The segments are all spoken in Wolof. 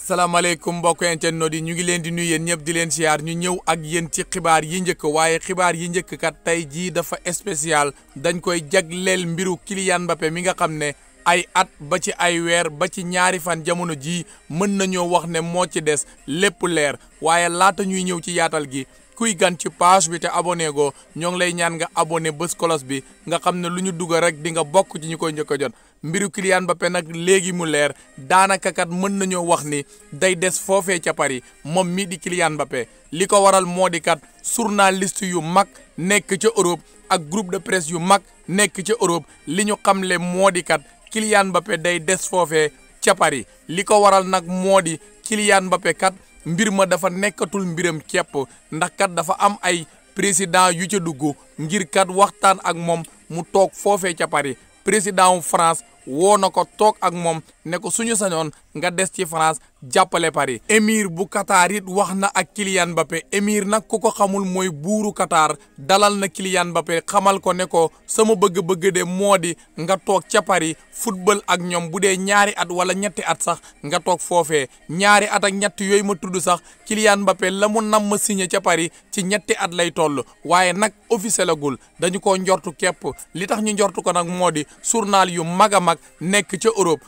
salaamaaleykum mbokk internautes yi ñu ngi leen di nuyu yéen ñëpp di leen siyaar ñu ñëw ak yéen ci xibaar yi njëkk waaye xibaar yi njëkk kat tey jii dafa spécial dañ koy jagleel mbiru Kylian Mbappé mi nga xam ne ay at ba ci ay weer ba ci ñaari fan jamono jii mën nañoo wax ne moo ci des lépp leer waaye laata ñuy ñëw ci yaatal gi kuy gan ci page bi te abonné go ñoo ngi lay ñaan nga abone bés kolos bi nga xam ne lu ñu dugg rek di nga bokk ci ñu koy njëkk a jot mbiru Kylian bappe nag léegi mu leer daanaka kat mën nañoo wax ni day des foofee ca Paris moom mii di Kylian Mbappé li ko waral moo di kat journaliste yu mag nekk ca Europe ak groupe de presse yu mag nekk ca Europe li ñu xamle moo di kat Kylian Mbappé day des foofee ca Paris li ko waral nag moo di Kylian Mbappé kat mbir ma dafa nekkatul mbiram cepp ndax kat dafa am ay président yu ca dugg ngir kat waxtaan ak moom mu toog foofe ca Paris président France woo na ko toog ak moom ne ko suñu sañoon nga des ci France jàppale Paris émir bu Qatar it wax na ak Kylian Mbappé émir nag ku ko xamul mooy buuru Qatar dalal na Kylian Mbappé xamal ko ne ko sama bëgg-bëgg de moo di nga toog ca Paris football ak ñoom bu dee ñaari at wala ñetti at sax nga toog foofee ñaari at ak ñett yooyu ma tudd sax Kylian Mbappé la mu nam ma signé ca Paris ci ñetti at lay toll waaye nag officiel agul dañu ko njortu képp li tax ñu njortu ko nag moo di journal yu mag a mag nekk ca Europe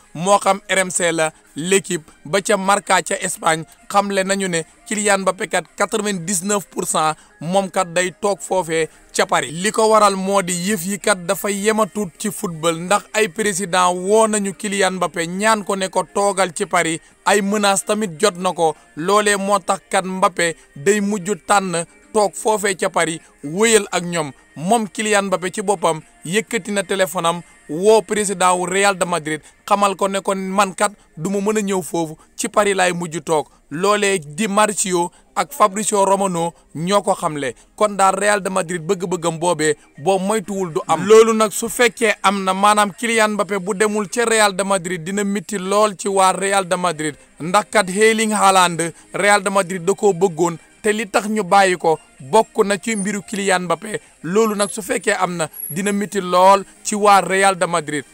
xam RMC la l'équipe ba ca marka ca Espagne xamle nañu ne Kylian Mbappé kat quatre-vingt-dix-neuf pour cent moom kat day toog foofee ca Paris. li ko waral moo di yëf yi kat dafa yematut ci football ndax ay président woo nañu Kylian Mbappé ñaan ko ne ko toogal ci Paris ay menaces tamit jot na ko loolee moo tax kat Mbappé day mujj tànn toog foofee ca Paris wéyal ak ñoom. moom Kylian Mbappé ci boppam yëkkati na téléphone am woo président wu Real de Madrid xamal ko ne kon man du mu mën a ñëw foofu ci parilaay mujj toog loolee Di Marzio ak Fabrizio Romano ñoo ko xamle kon daal Real de Madrid bëgg-bëggam boobee boo moytuwul du am. loolu nag su fekkee am na maanaam Kylian Mbappé bu demul ca Real de Madrid dina mitti lool ci waa Real de Madrid ndax kat Erling Haaland Real de Madrid da koo bëggoon. te li tax ñu bàyyi ko bokk na ci mbiru kiliyaan Mbappé loolu nag su fekkee am na dina miti lool ci waar Real de Madrid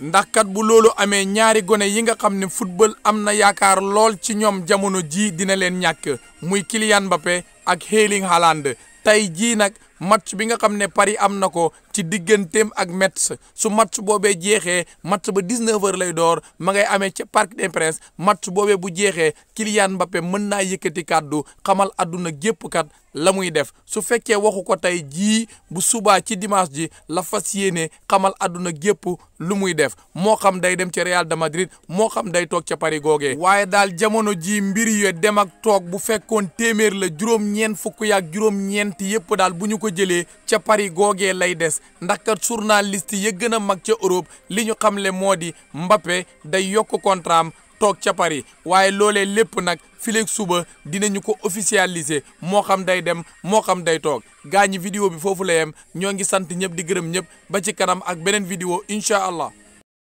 ndax kat bu loolu amee ñaari gone yi nga xam ne football am na yaakaar lool ci ñoom jamono jii dina leen ñàkk muy Kylian Mbappé ak Erling Haaland tey jii nag match bi nga xam ne Paris am na ko ci digganteem ak Metz su match boobee jeexee match ba 19h lay door ma ngay amee ca Parc des Princes match boobee bu jeexee Kylian Mbappé mën naa yëkkati kaddu xamal àdduna gépp kat la muy def su fekkee waxu ko tey jii bu subaa ci dimanche ji la fas yéene xamal adduna gépp lu muy def moo xam day dem ca Real de Madrid moo xam day toog ca Paris googee waaye daal jamono jii mbir yo dem ak toog bu fekkoon téeméer la juróom fukk yaak juróom yëpp daal jëlee ca Paris googee lay des ndax kat journaliste yi gën a mag ca Europe li ñu xam xamle moo di Mbappé day yokk contrat am toog ca Paris waaye loole lépp nag fileeg suba dinañu ko officialiser moo xam day dem moo xam day toog gaañi vidéo bi foofu la yem ñoo ngi sant ñëpp di gërëm ñëpp ba ci kanam ak beneen vidéo incha allah